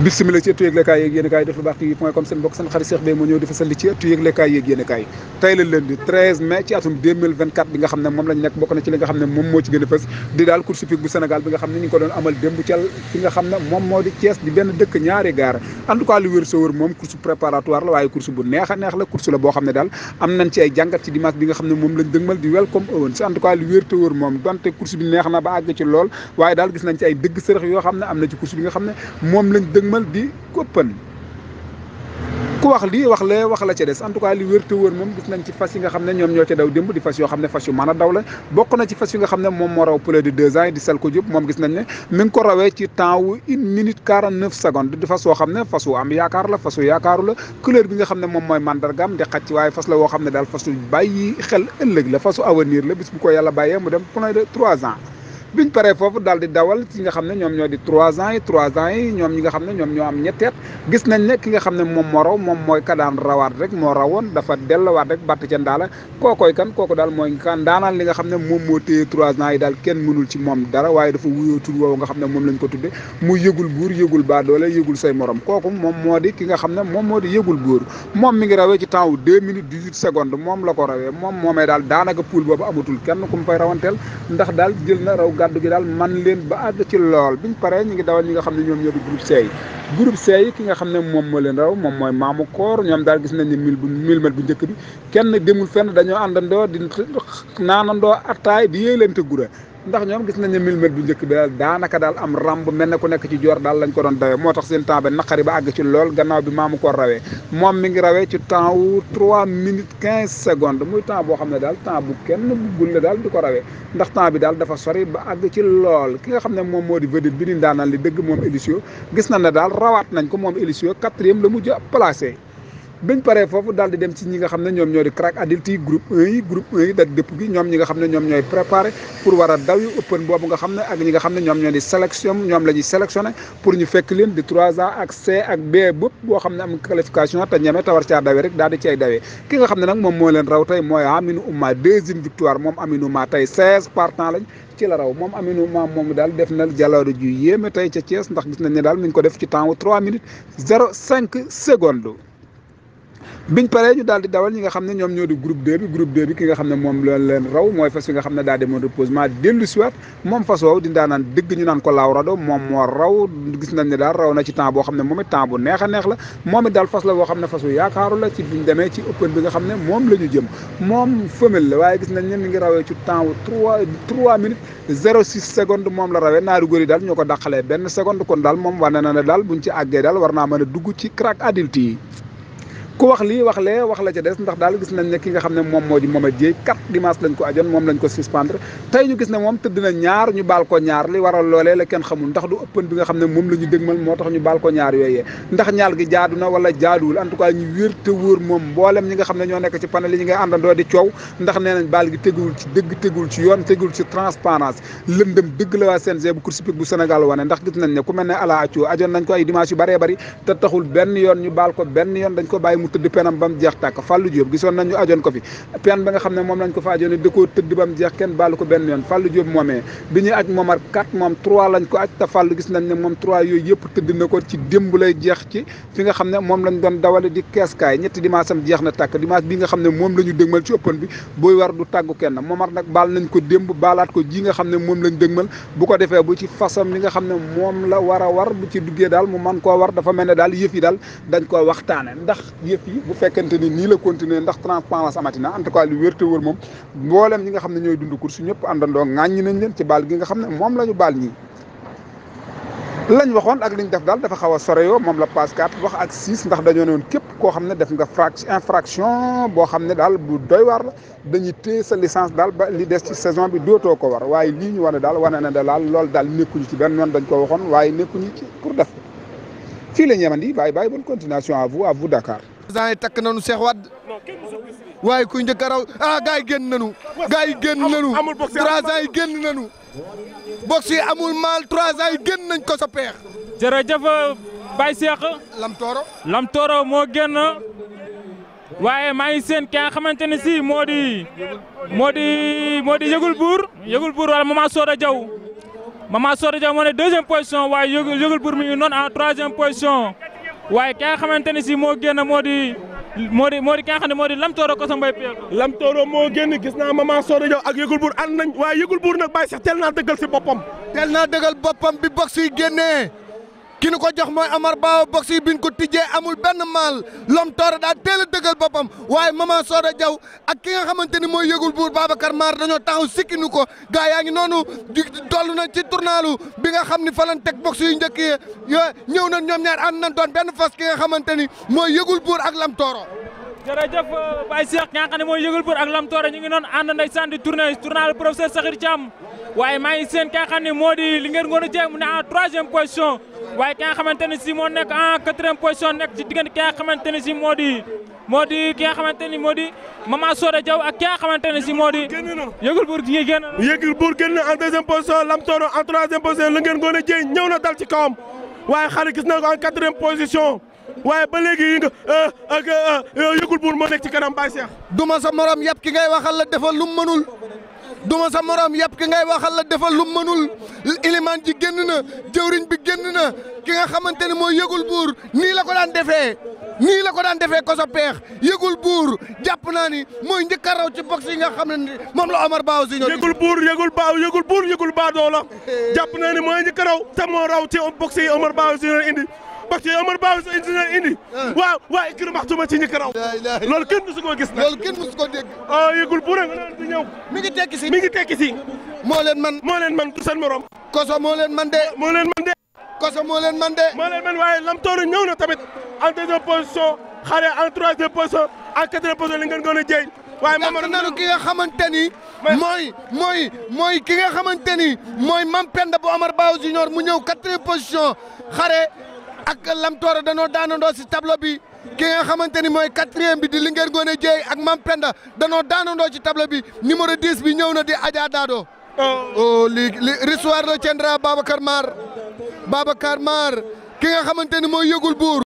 bisimila ci ëttu yëglekaay yeeg yéen kaay def lu baax tv point com seen bokk seen xarit Cheikh Beye moo ñëw di fasal li ci ëttu yëglekaay yeeg yéen kaay tey la lundi 13 mai ci atum bi nga xam ne moom lañ dëkk dëgmal di koppan ku wax lii wax la wax la ca des en li wér te wóor moom gis nañ ci fas yi nga xam ne ñoom ñoo ca daw démb di fas yoo xam ne fas yu mën a daw la bokk na ci fas yi nga xam ne moom moo raw plus de deux ans di sal ko jub moom gis nañ ne mi ngi ko rawee ci temps wu une minute quarante neuf secondes di fas woo xam ne fas wu am yaakaar la fas wu yaakaaru la couleur bi nga xam ne moom mooy mandargaam di xacc waaye fas la woo xam ne daal fas yu biñ paree foofu daal di dawal ci nga xam ne ñoom ñoo di trois ans yi trois ans yi ñoom ne ñoom ñoo am ñetteet gis nañ ne ki nga xam ne moom moo raw moom mooy ka daan rawaat rek moo rawoon dafa delluwaat rek batt ca ndaala kookooy kan kooku daal mooy kan daanaan li nga xam ne moom moo téye trois ans yi daal kenn mënul ci moom dara waaye dafa wuyoo tur woowu nga xam ne moom lañ ko tudde mu yëgul buur yëgul baadoole yëgul say morom kooku moom moo di ki nga xam ne moom moo di yëgul buur moom mi ngi rawee ci temps wu deux minutes dix-huit secondes moom la ko rawee moom moomee daal daanaka poul boobu amatul kenn ku mu fay rawanteel ndax daal jël na raw kàddu gi daal man leen ba àgg ci lool biñ paree ñu ngi dawal ñi nga xam ne ñoom ñoo di groupe C groupe C ki nga xam ne moom moo leen raw moom mooy maamu koor ñoom daal gis nañ ne mille bu mille mètre bu njëkk bi kenn demul fenn dañoo àndandoo di naanandoo attaay di yéey leen te gura ndax ñoom gis nañ ne mille mètres bu njëkk bi daal daanaka daal am ramb mel ne ku nekk ci joor daal lañ ko doon dawee moo tax seen temps ba naqari ba àgg ci lool gannaaw bi ko rawee moom mi ngi rawee ci temps wu trois minutes quinze secondes muy temps boo xam ne daal temps bu kenn buggul la daal di ko rawee ndax bi daal dafa sori ba àgg ci lool ki nga xam ne moom moo di vedette bi di ndaanaan li dëgg moom Elisio gis na ne daal rawaat nañ ko moom Elisio quatrième la mujj placé biñ pare foofu daal di dem ci ñi nga xam ne ñoom ñoo di crack adulte yi groupe 1 yi nga xam ne ñoom ñooy préparé pour war a daw yu open boobu nga xam ne ak ñi nga xam ne ñoom ñoo di sélection ñoom la ñuy sélectionné pour ñu fekk leen di 3A ak C ak B bëpp boo xam ne am qualification te ñeme te war caa dawee rek daal di cay dawe ki nga xam ne nag moom moo leen raw tey mooy Aminu Umma deuxième victoire moom Aminu Umma tey 16 partants lañ ci la raw moom Aminu Umma moom daal def na jaloore ju yéeme tey ca Thiès gis nañ ne daal mi ko def ci temps wu 3 minutes 05 secondes biñ paree ñu daal di dawal ñi nga xam ne ñoom ñoo di groupe 2 bi groupe 2 bi ki nga xam ne moom loolu leen raw mooy fas yi nga xam ne daa demoon reposement dellu siwaat moom fas woowu di daanaan dëgg ñu naan ko laaw moom moo raw gis nañ ne daal raw na ci temps boo xam ne moom it temps bu neex a neex la moom it daal fas la boo xam ne fasu yaakaaru la ci biñ demee ci open bi nga xam ne moom la ñu jëm moom femelle waaye gis nañ ne mi ngi rawee ci temps wu 3 3 minutes 06 secondes moom la rawee naari góor daal ñoo ko dàqalee benn seconde kon daal moom wane na ne daal buñ ci àggee daal war naa mën a dugg ci crack adulte yi ku wax lii wax lee wax la ca des ndax daal gis nañ ne ki nga xam ne moom moo di moom a jéey quatre dimanche lañ ko ajoon moom lañ ko suspendre tey ñu gis ne moom tëdd na ñaar ñu baal ko ñaar li waral loolee la kenn xamul ndax du ëppan bi nga xam ne moom la dégmal moo tax ñu baal ko ñaar yooyee ndax ñaal gi jaadu na jaaduwul en ñu wér te wóor moom mboolem ñi nga xam ne ñoo nekk ci panel yi ñu ngay àndandoo di coow ndax nee baal gi tegul ci dëgg tegul ci tudd penam bam jeex tak fallu Diop gisone nañu ajoon ko fi pen ba nga xamne mom lañ ko fa ajoon de ko tudd bam jeex ken baalu ko benn yoon Fallou Diop momé biñu ñuy aj Momar 4 mom 3 lañ ko aj ta fallu gis nañ ne mom 3 yoy yep tudd na ko ci démb lay jeex ci fi nga xamne mom lañ doon dawale di keeskaay ñetti dimanche am jeex na tak dimas bi nga xamne mom lañu la ci open bi boy war du taggu ken Momar nak bal nañ ko démb balat ko ji nga xamne mom lañ dëgmal bu ko defé bu ci fasam li nga xamne mom la wara war bu ci duggé dal mu man ko war dafa melni dal yef yi dal dañ ko waxtane ndax yef yi bu fekkante ni ni la continuer ndax transparence amatina en tout cas lu wér te wër moom mboolem ñi nga xamne ñoy dund course ñepp andando ŋàññi nañ leen ci bal gi nga xamne mom lañu bal ñu lañ waxon ak liñ def dal dafa xawa a sore yoo moom la passe 4 wax ak 6 ndax dañu ne kep ko xamne def nga fraction infraction bo xamne dal bu doy war la dañuy téye sa licence dal ba li dess ci saison bi doto ko war waye li ñu wone dal wone na dal daal dal daal nekkuñu ci ben non dañ ko waxoon waaye nekkuñu ci pour def fii la ñeemandi bàyyi bàyyi bonne continuation à vous à vous Dakar partisan yi takk nañu Cheikh Wade waaye kuy njëkk a raw ah gars yi génn nañu. gars yi génn nañu trois amul maal trois ans yi génn nañ ko sa peex. jërëjëf Baye Lam Tooro. moo génn waaye maa ngi seen ki nga xamante ne si moo di moo di moo di yëgul buur yëgul buur wala Maman Soda Diaw Maman Soda Diaw moo ne deuxième position waaye yëgul yëgul buur mi ngi noonu en troisième position. waaye ki nga xamante ne si moo génn moo di moo di moo di ne moo di Lam Tooro Koso Mbaye Pierre. Lam moo génn gis naa ma maa Soda Diaw ak Yëgul Buur ànd nañ waaye Yëgul Buur na bàyyi sax teel naa dëggal si boppam. teel naa dëggal boppam bi box yi génnee. ki nu ko jox mooy Amar Ba box yi biñ ko tijjee amul benn maal lom toora daa teel a dëggal boppam waaye maman Soda jaw ak ki nga xamante ni mooy yëgul buur Babacar Maar dañoo taxaw sikkinu ko gaa yaa ngi noonu toll na ci tournalu bi nga xam ni falan teg box yu njëkk yi ñëw na ñoom ñaar ànd na doon benn fas ki nga xamante ni mooy yëgul buur ak lam tooro jërëjëf Baye Cheikh nga xam ne mooy yëgal bër ak Lam Toore ñu ngi noon ànd ndeysaan di tournée tournée waaye maa ngi seen ki nga di li ngeen ngoon a mu ne en troisième position waaye ki nga xamante ne si moo nekk en quatrième position nekk ci diggante ki nga xamante si moo di moo di ki nga xamante ni moo di Mama Soda Diaw ak ki nga xamante ne si moo di yëgal bër gi génn yëgal en deuxième li ngeen ngoon a jeex na dal waaye ba léegi nga eh, eh, eh, yëgul buur moo nekk ci kanam Baye Cheikh. duma sa morom yàpp ki ngay waxal la defal lu mu mënul duma sa morom yàpp ki ngay waxal la defal lu mu mënul ilimaan ji génn na jëwriñ bi génn na ki nga xamante ne mooy yëgul buur nii la ko daan defee. nii la ko daan defee koso peex yëgul buur jàpp naa ni mooy njëkk a raw ci box nga xam moom la Omar Ba aussi. yëgul buur yëgul baaw yëgul buur yëgul baadoo la jàpp naa ni mooy njëkk raw te moo raw ci indi. box yi Omar Ba sa ingénieur indi. Eh. waaw waaw oh, ngi tekki si mi ngi tekki si. moo man moo leen man du seen morom. koso moo leen man de. moo leen man de. koso moo leen de. moo leen man waaye lam toolu ñëw na tamit en deuxième position xare en troisième position position li ngeen gën a jéy. ki nga xamante ni. mooy mooy mooy ki nga xamante ni mooy Mame Penda bu Omar Ba Junior mu ñëw position xare ak Lamtooro danoo daanandoo si tableau bi ki nga xamante ni mooy quatrième bi di Linguère Ngoné Dieye ak Mam Penda danoo daanandoo ci tableau bi numéro diis bi ñëw na di Adja Dado. oh, oh lii li risoir la Cendra Babacar Mar Babacar Mar ki nga xamante ni mooy yëgul buur.